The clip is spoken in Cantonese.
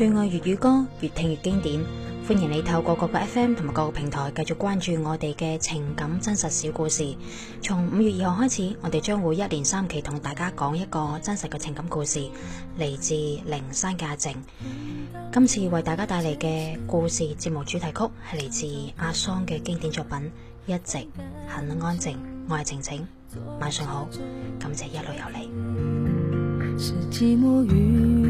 最愛粵語歌，越聽越經典。歡迎你透過各個 FM 同埋各個平台繼續關注我哋嘅情感真實小故事。從五月二號開始，我哋將會一連三期同大家講一個真實嘅情感故事，嚟自靈山嘅阿靜。今次為大家帶嚟嘅故事節目主題曲係嚟自阿桑嘅經典作品《一直很安靜》。我係晴晴，晚上好，感謝一路有你。